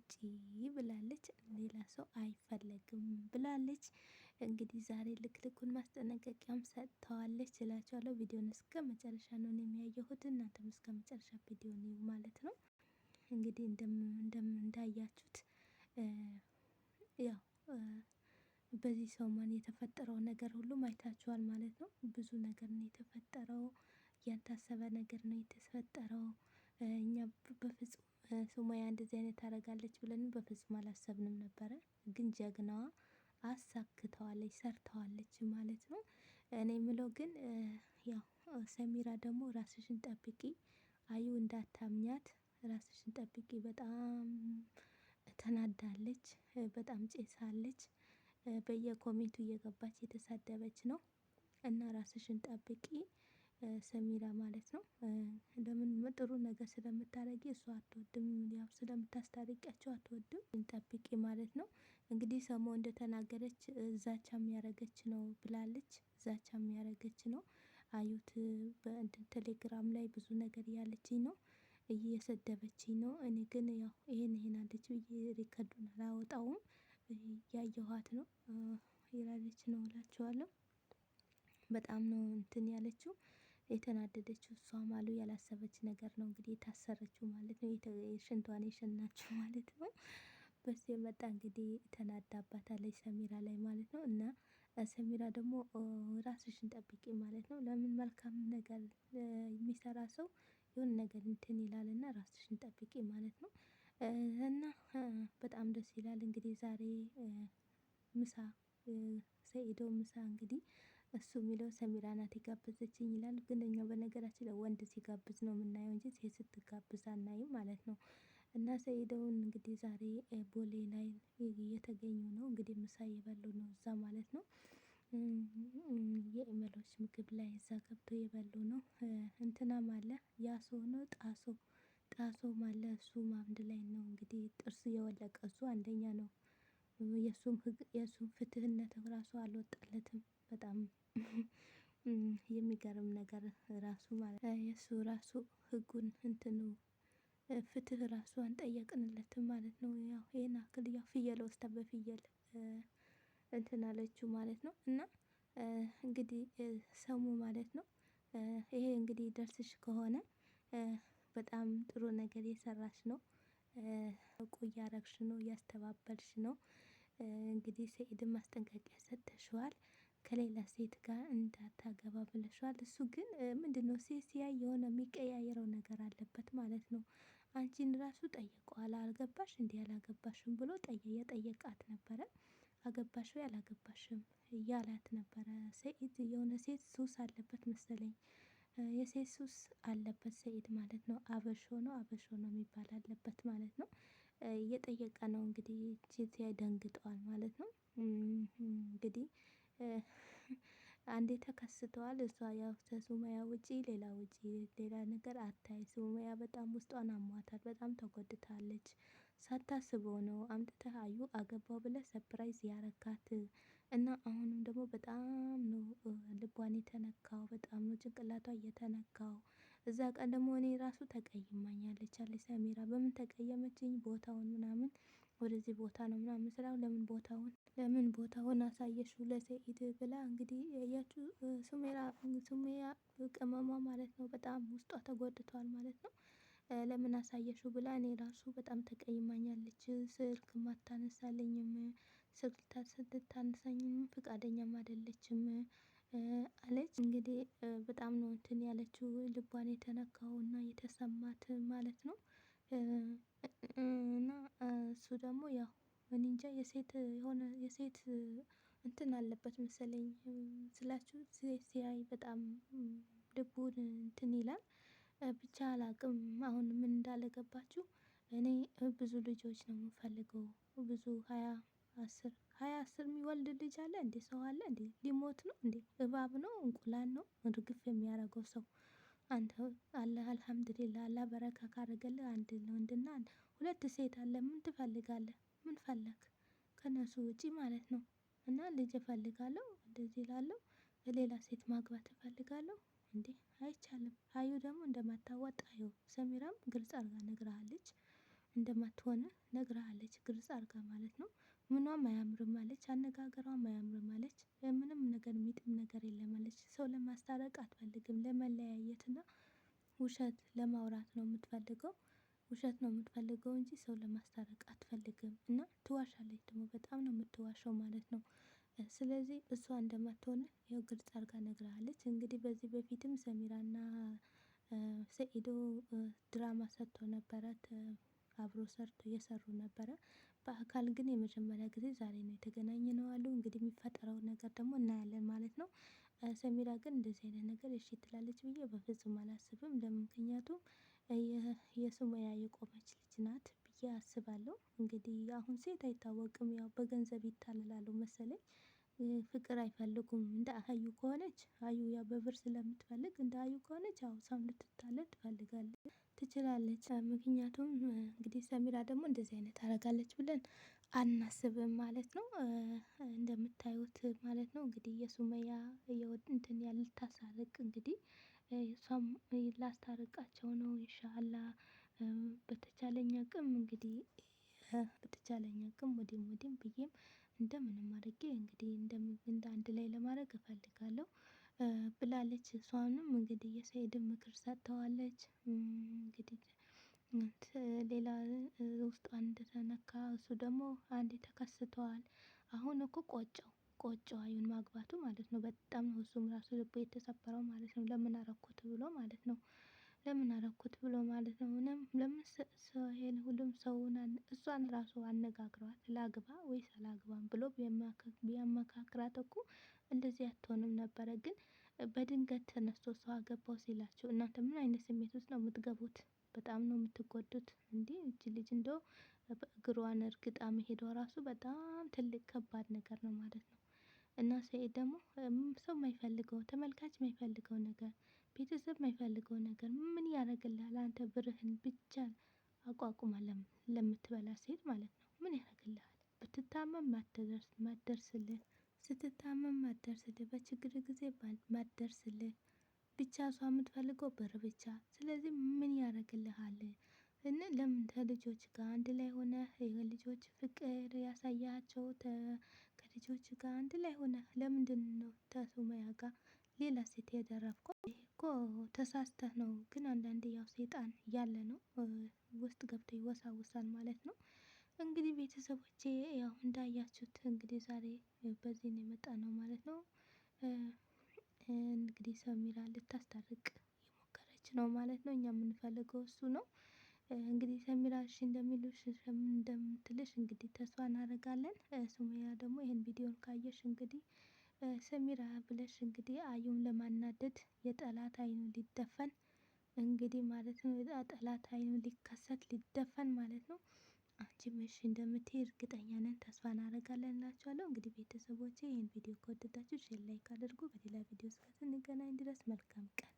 ውጪ ብላለች። ሌላ ሰው አይፈለግም ብላለች። እንግዲህ ዛሬ ልክልኩን ማስጠነቀቂያም ሰጥተዋለች እላችኋለሁ። ቪዲዮን እስከ መጨረሻ ነው የሚያየሁት፣ እናንተም እስከ መጨረሻ ቪዲዮ ነው ማለት ነው። እንግዲህ እንዳያችሁት ያው በዚህ ሰው ማን የተፈጠረው ነገር ሁሉም አይታችኋል ማለት ነው። ብዙ ነገር ነው የተፈጠረው። ያልታሰበ ነገር ነው የተፈጠረው። እኛ በፍጹም ሱማያ እንደዚህ አይነት ታደርጋለች ብለን በፍጹም አላሰብንም ነበረ። ግን ጀግናዋ አሳክተዋለች፣ ሰርተዋለች ማለት ነው። እኔ የምለው ግን ያው ሰሚራ ደግሞ ራስሽን ጠብቂ፣ አዩ እንዳታምኛት ራስሽን ጠብቂ። በጣም ተናዳለች፣ በጣም ጭሳለች፣ በየኮሜንቱ እየገባች የተሳደበች ነው እና ራስሽን ጠብቂ። ሰሚራ ማለት ነው። ለምን ጥሩ ነገር ስለምታደርጊ እሷ አትወድም፣ ያው ስለምታስታርቂያቸው አትወድም። እንጠብቂ ማለት ነው። እንግዲህ ሰሞ እንደተናገረች ዛቻ የሚያረገች ነው ብላለች። ዛቻ የሚያረገች ነው አዩት። በእንትን ቴሌግራም ላይ ብዙ ነገር እያለችኝ ነው፣ እየሰደበችኝ ነው። እኔ ግን ያው ይሄን ይሄን አለች ብዬ ሪከርዱን አላወጣውም። ያየኋት ነው ይላለች ነው እላችኋለሁ። በጣም ነው እንትን ያለችው የተናደደችው እሷ ማሉ ያላሰበች ነገር ነው እንግዲህ የታሰረችው ማለት ነው። ሽንቷን የሸናችው ማለት ነው። በሱ የመጣ እንግዲህ ተናዳባታለች ሰሚራ ላይ ማለት ነው። እና ሰሚራ ደግሞ ራስሽን ጠብቂ ማለት ነው። ለምን መልካም ነገር የሚሰራ ሰው የሆነ ነገር እንትን ይላል እና ራስሽን ጠብቂ ማለት ነው። እና በጣም ደስ ይላል እንግዲህ ዛሬ ምሳ ሰኢዶ ምሳ እንግዲህ እሱ የሚለው ሰሚራ ናት የጋበዘችኝ ይላል። ግን እኛው በነገራችን ላይ ወንድ ሲጋብዝ ነው የምናየው እንጂ ሴት ስትጋብዝ አናይም ማለት ነው። እና ሰይደውን እንግዲህ ዛሬ ቦሌ ላይ እየተገኙ ነው እንግዲህ ምሳ እየበሉ ነው እዛ ማለት ነው። የእመሎች ምግብ ላይ እዛ ገብቶ እየበሉ ነው። እንትናም አለ ያሶ ነው ጣሶ ጣሶ አለ። እሱም አንድ ላይ ነው እንግዲህ ጥርሱ የወለቀ እሱ አንደኛ ነው። የእሱም ፍትህነት ራሱ አልወጣለትም በጣም የሚገርም ነገር ራሱ ማለት የእሱ ራሱ ህጉን እንትኑ ፍትህ ራሱ አንጠየቅንለትም ማለት ነው። ያው ይሄን አክል ያው ፍየል ወስዳ በፍየል እንትን አለችው ማለት ነው። እና እንግዲህ ሰሙ ማለት ነው። ይሄ እንግዲህ ደርስሽ ከሆነ በጣም ጥሩ ነገር የሰራሽ ነው። እቁ እያረግሽ ነው፣ እያስተባበልሽ ነው። እንግዲህ ሰኢድን ማስጠንቀቂያ ሰጥተሽዋል። ከሌላ ሴት ጋር እንዳታገባ ብለሻል። እሱ ግን ምንድነው ሴት ሲያይ የሆነ የሚቀያየረው ነገር አለበት ማለት ነው። አንቺን ራሱ ጠይቀዋል አልገባሽ እንዴ አላገባሽም ብሎ እየጠየቃት ነበረ። አገባሽ ወይ አላገባሽም እያላት ነበረ ሰኢድ የሆነ ሴት ሱስ አለበት መሰለኝ። የሴት ሱስ አለበት ሰኢድ ማለት ነው አበሾ ነው አበሾ ነው የሚባል አለበት ማለት ነው። እየጠየቀ ነው እንግዲህ ሴት ሲያይ ደንግጠዋል ማለት ነው። እንግዲህ አንዴ ተከስተዋል። እሷ ያው ከሱማያ ውጪ ሌላ ውጪ ሌላ ነገር አታይ። ሱማያ በጣም ውስጧን አሟታል። በጣም ተጎድታለች። ሳታስበው ነው አምጥተህ አዩ አገባው ብለህ ሰፕራይዝ ያረካት እና አሁንም ደግሞ በጣም ነው ልቧን የተነካው። በጣም ነው ጭንቅላቷ እየተነካው። እዛ ቀን ደግሞ እኔ ራሱ ተቀይማኛለች አለች ሰሚራ። በምን ተቀየመችኝ? ቦታውን ምናምን ወደዚህ ቦታ ነው ምናምን ስላው ለምን ቦታውን ለምን ቦታውን አሳየሽው ለሰኢድ ብላ እንግዲህ ያያችሁ ሱሜራ ሱሜራ ቅመሟ ማለት ነው በጣም ውስጧ ተጎድቷል ማለት ነው። ለምን አሳየሽው ብላ እኔ ራሱ በጣም ተቀይማኛለች። ስልክ አታነሳለኝም፣ ስልክ ታነሳኝም ፍቃደኛም አይደለችም አለች። እንግዲህ በጣም ነው እንትን ያለችው ልቧን የተነካው እና የተሰማት ማለት ነው። እና እሱ ደግሞ ያው እኔ እንጃ የሴት የሆነ የሴት እንትን አለበት መሰለኝ ስላችሁ ሲያይ በጣም ልቡን እንትን ይላል ብቻ አላቅም አሁን ምን እንዳለገባችሁ እኔ ብዙ ልጆች ነው የምፈልገው ብዙ ሀያ አስር ሀያ አስር የሚወልድ ልጅ አለ እንዴ ሰው አለ እንዴ ሊሞት ነው እንዴ እባብ ነው እንቁላል ነው እርግፍ የሚያደርገው ሰው አንተ አለ አልሐምድሊላህ አላህ በረካ ካረገልህ አንድ ወንድና ሁለት ሴት አለ። ምን ትፈልጋለህ? ምን ፈለክ? ከነሱ ውጪ ማለት ነው። እና ልጅ እፈልጋለሁ እንደዚህ ላለው ሌላ ሴት ማግባት እፈልጋለሁ። እንዴ አይቻልም። አዩ ደግሞ እንደማታዋጣ አዩ ሰሚራም ግልጽ አርጋ ነግረሃለች፣ እንደማትሆነ ነግራሃለች። ግልጽ አርጋ ማለት ነው። ምኗም አያምርም አለች፣ አነጋገሯም አያምርም አለች። ምንም ነገር የሚጥም ነገር የለም አለች። ሰው ለማስታረቅ አትፈልግም፣ ለመለያየት እና ውሸት ለማውራት ነው የምትፈልገው ውሸት ነው የምትፈልገው እንጂ ሰው ለማስታረቅ አትፈልግም። እና ትዋሻለች ደግሞ በጣም ነው የምትዋሸው ማለት ነው። ስለዚህ እሷ እንደማትሆን ያው ግልጽ አድርጋ ነግራለች። እንግዲህ በዚህ በፊትም ሰሚራና ሰኢዶ ድራማ ሰርተው ነበረ፣ አብሮ ሰርቶ እየሰሩ ነበረ። በአካል ግን የመጀመሪያ ጊዜ ዛሬ ነው የተገናኘ ነው አሉ። እንግዲህ የሚፈጠረውን ነገር ደግሞ እናያለን ማለት ነው። ሰሚራ ግን እንደዚህ አይነት ነገር እሺ ትላለች ብዬ በፍጹም አላስብም። ለምን ምክንያቱም የሱሙያ የቆመች ልጅ ናት ብዬ አስባለሁ። እንግዲህ አሁን ሴት አይታወቅም፣ ያው በገንዘብ ይታለላሉ መሰለኝ። ፍቅር አይፈልጉም። እንደ አህዩ ከሆነች አዩ ያው በብር ስለምትፈልግ እንደ አዩ ከሆነች አዎ እሷም ልትታለል ትፈልጋለች። ትችላለች። ምክንያቱም እንግዲህ ሰሚራ ደግሞ እንደዚህ አይነት አረጋለች ብለን አናስብም ማለት ነው። እንደምታዩት ማለት ነው እንግዲህ የሱመያ እንትን ልታሳርቅ እንግዲህ እሷም ላስታርቃቸው ነው ኢንሻአላ። በተቻለኝ አቅም እንግዲህ በተቻለኝ አቅም ወዲም ወዲም ብዬም እንደምንም አድርጌ እንግዲህ እንደ አንድ ላይ ለማድረግ እፈልጋለሁ ብላለች። እሷንም እንግዲህ የሰኢድን ምክር ሰጥተዋለች። እንግዲህ ሌላ ውስጧ እንደተነካ እሱ ደግሞ አንዴ ተከስተዋል። አሁን እኮ ቆጨው ቆጨው አዩን ማግባቱ ማለት ነው። በጣም ነው እሱም ራሱ ልቡ የተሰበረው ማለት ነው። ለምን አረኩት ብሎ ማለት ነው። ለምን አረኩት ብሎ ማለት ነው። ምንም ለምን ይሄን ሁሉም ሰውን እሷን ራሱ አነጋግሯት ላግባ ወይስ አላግባም ብሎ ቢያማካክራት እኮ እንደዚህ አትሆንም ነበረ። ግን በድንገት ተነስቶ ሰው አገባው ሲላቸው እናንተ ምን አይነት ስሜት ውስጥ ነው የምትገቡት? በጣም ነው የምትጎዱት። እንዲህ እቺ ልጅ እንደው እግሯን እርግጣ መሄዷ ራሱ በጣም ትልቅ ከባድ ነገር ነው ማለት ነው። እና ሰኢድ ደግሞ ሰው የማይፈልገው ተመልካች የማይፈልገው ነገር ቤተሰብ የማይፈልገው ነገር ምን ያደርግልሃል? አንተ ብርህን ብቻ አቋቁማ ለምትበላ ሴት ማለት ነው ምን ያደርግልሃል? ብትታመም ማትደርስልህ ስትታመም ማደርስልህ፣ በችግር ጊዜ ማደርስልህ፣ ብቻ እሷ የምትፈልገው ብር ብቻ። ስለዚህ ምን ያደርግልሃል? እና ለምን ከልጆች ጋር አንድ ላይ ሆነ የልጆች ፍቅር ያሳያቸው ከልጆች ጋር አንድ ላይ ሆነ ለምንድን ነው ከሱማያ ጋር ሌላ ሴት የደረፍከው? ይሄ እኮ ተሳስተህ ነው። ግን አንዳንዴ ያው ሴጣን ያለ ነው ውስጥ ገብቶ ይወሳውሳል ማለት ነው። እንግዲህ ቤተሰቦቼ ያው እንዳያችሁት እንግዲህ ዛሬ በዚህ ነው የመጣ ነው ማለት ነው። እንግዲህ ሰሚራ ልታስታርቅ የሞከረች ነው ማለት ነው። እኛ የምንፈልገው እሱ ነው። እንግዲህ ሰሚራ እሺ እንደሚሉሽ እንደምትልሽ እንግዲህ ተስፋ እናደርጋለን። ሰሚራ ደግሞ ይህን ቪዲዮን ካየሽ እንግዲህ ሰሚራ ብለሽ እንግዲህ አዩን ለማናደድ የጠላት አይኑ ሊደፈን እንግዲህ ማለት ነው። የጠላት አይኑ ሊከሰት ሊደፈን ማለት ነው። አንቺም እሺ እንደምትሄድ እርግጠኛ ነን ተስፋ እናደርጋለን እላችኋለሁ። እንግዲህ ቤተሰቦቼ ይህን ቪዲዮ ከወደዳችሁ ሼር ላይክ አድርጉ። በሌላ ቪዲዮ እስከምንገናኝ ድረስ መልካም ቀን